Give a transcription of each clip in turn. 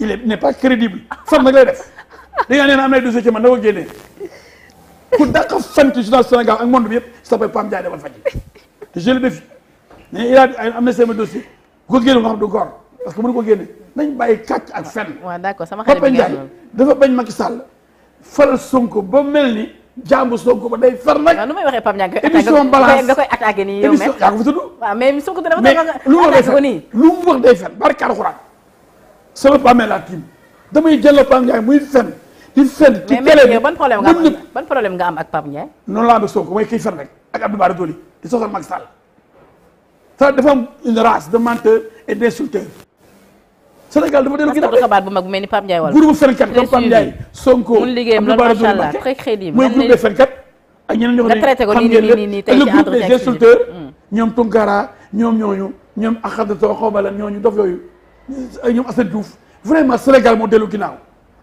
il n'est pas crédible fan nag de def da ngaa nee na am nay dossier ci man na ko génnee ku dàq fan ci journal Sénégal ak monde bi yëpp s'appelle Pam Ndiaye demal faj te je le défie ne il a am na seen dossier bu ko nga xam du góor parce que mënu ko génne nañ bàyyi kàcc ak fenn. waaw d'accord sama xarit bañ Macky Sall Sonko ba mel ni jàmbu Sonko ba day far nag. waaw nu may balance nga koy attaqué nii yow. émission yaa ko fa tudd. waaw mais Sonko dina fa tax nga attaqué lu mu wax day fen barke Alxuraan sama bàmmeel laa tiim damay jël Pape Ndiaye muy fen di fen ci télé bi ban problème nga am ban problème nga am ak Pape Ndiaye noonu laa amee Sonko mooy kiy fen rek ak Abdou Bara Dolly di sosal Macky Sall ça dafa am une race de menteurs et d'insulteurs Sénégal dafa dellu ginnaaw xabaar bu mag bu mel ni Pape Ndiaye wala groupe fenkat comme Pape Ndiaye Sonko mun liggéeyam loolu macha allah très crédible mooy groupe des fenkat ak ñeneen ñoo xam ne le groupe des insulteurs ñoom Tunkara ñoom ñooñu ñoom dof yooyu ay euh, ñoom Assane Diouf vraiment Sénégal moo dellu ginnaaw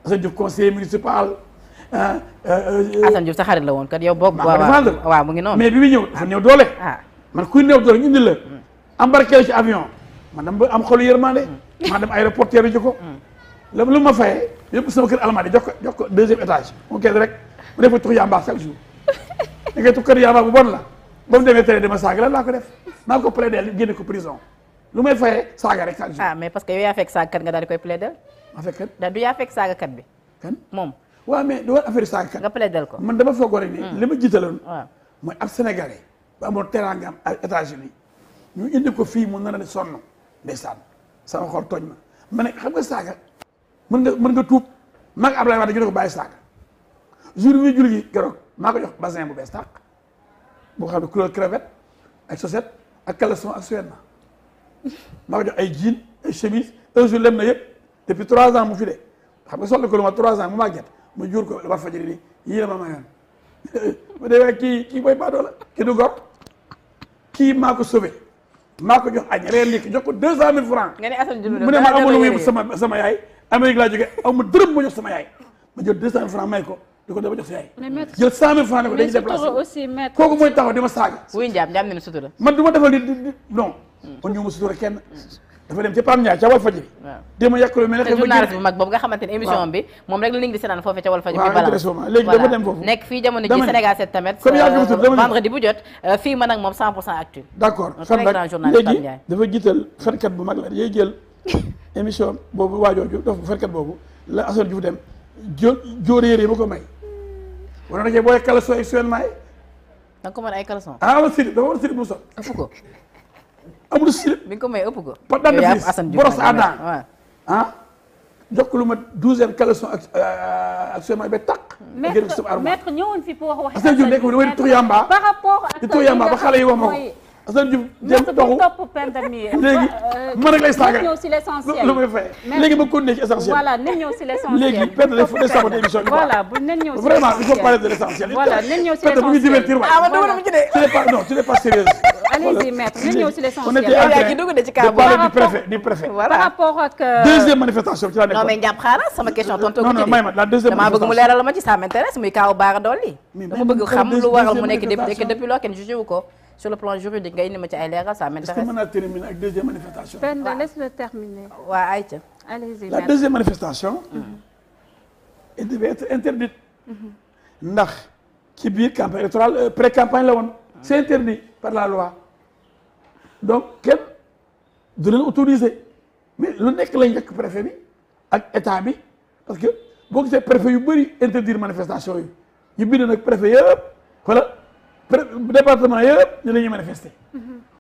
Assane Diouf conseiller municipal. Euh, euh, Assane Diouf sa xarit la woon kat yow. boobu waaw mu ngi noonu mais bi muy ñëw dafa ñëw doole. Ah. man kuy néew doole ñu indi la. Hmm. embarqué ci avion. man dama am xolu yërmande. Hmm. maa dem aéroport teeru ko. Hmm. la lu ma fayee yëpp sama kër Almadi jox ko jox ko deuxième étage mu kese rek mu def ko tux yamba chaque jour. da ngay tux kër yamba bu bon la ba mu demee tere dama saaga lan laa ko def maa ko plaidé génne ko prison. lu may fayee saaga rek. ah mais parce que yow yaa fekk saagakat nga daal di koy plaider. ma kat da du yaa fekk saagakat bi. kan moom. waaw mais du war affaire saagakat. nga plaider ko man dama foogoo rek ne. Hmm. li ma jiitaloon. waaw mooy ab sénégalais. ba amoon teraangaam ak États-Unis ñu indi ko fii mu nar a sonn ndeysaan sama xol tooñ ma ma xam nga saaga mën nga mën nga tuub maa ngi Abdoulaye Wade ñu ne ko saaga jour bi julli gi keroog maa ko jox bu bees tàq boo xam ne couleur crevette ak chaussette ak caleçon ak suède maa ko jox ay jean ay chemise un jour lem na yëpp depuis trois ans mu fi de xam nga soxla ko lu ma trois ans mu màgget mu jur ko war ma mayoon bu dee kii kii booy baadoo la kii du gor kii maa ko sauvé maa ko jox añ reer ndékki jox ko deux cent mille francs nga ne Assane Diouf mu ne ma sama sama yaay Amérique laa jógee aw ma dërëm ma jox sama yaay ma jël deux cent mille francs may ko di ko dama jox sa yaay. mais maître jël cent mille franc ne ko dañuy déplacé aussi maître kooku mooy taxaw di ma saaga. wuy njaam njaam ne sutura. man du ma defal di non. kon ñëw ma sutura kenn. dafa dem ca Pam Ndiaye ca Walfadjri. waaw dem a yàq lu mel ne. te journaliste bu mag boobu nga xamante ne émission bi. moom rek la nit ñi di seetaan foofee ca Walfadjri. waaw intéressé ma léegi dafa dem foofu. nekk fii jamono ji Sénégal 7 tamit. comme yaa ngi euh, tudd vendredi bu jot euh, fii man ak moom 100 pour cent actu. d'accord xam nag léegi dafa jiital fenkat bu mag la yéen jël émission boobu waajooju dof bu fenkat boobu la Assane Diouf dem jó jóoréer yi ma ko may waroon na cee booy caleçon ak survêtement yi. da ko mën ay caleçon. ah amul slip dafa war slip bu nga ko may ëpp ko. pot daan na fii boros à dents ah. jox lu ma douzaine caleçon ak euh, ak survêtement ba tàq. maître maître ñëwoon fi pour wax waxi. Assane Diouf nekk fi di tux yamba. par di tux yamba ba xale yi wax ma Assane Diouf jëm doxu léegi euh, man rek lay saaga lu may fay léegi ba continuer ci essentiel voilà nañ ñëw si l'essentiel léegi perte la fu dee saboté émission bi voilà bu nañ ñëw vraiment il faut parler de si l'essentiel perte bu ñu divertir ah, non tu n'es pas sérieuse allez-y maître nañ ñëw si l'essentiel non mais ñam xaaral sama question tontu ko ci non non may ma la deuxième dama bëgg mu leeral ma ci ça m'intéresse muy kaaw baara dool yi dama bëgg xam lu waral mu nekk député que depuis loo kenn jugé wu ko sur le plan juridique nga indi ma ci ay leeral ça m'intéresse. est-ce que manifestation. Penda laisse-le manifestation. Mm-hmm, elle devait être interdite. Mm-hmm. ndax ci biir campagne électorale euh, pré-campagne la woon. Mm-hmm. c'est interdit par la loi. donc kenn du leen autorisé mais lu nekk lañ njëkk préfet bi ak état bi parce que boo se préfet yu bëri interdire manifestation yi ñu bind nag préfet yëpp département yëpp dinañu manifester.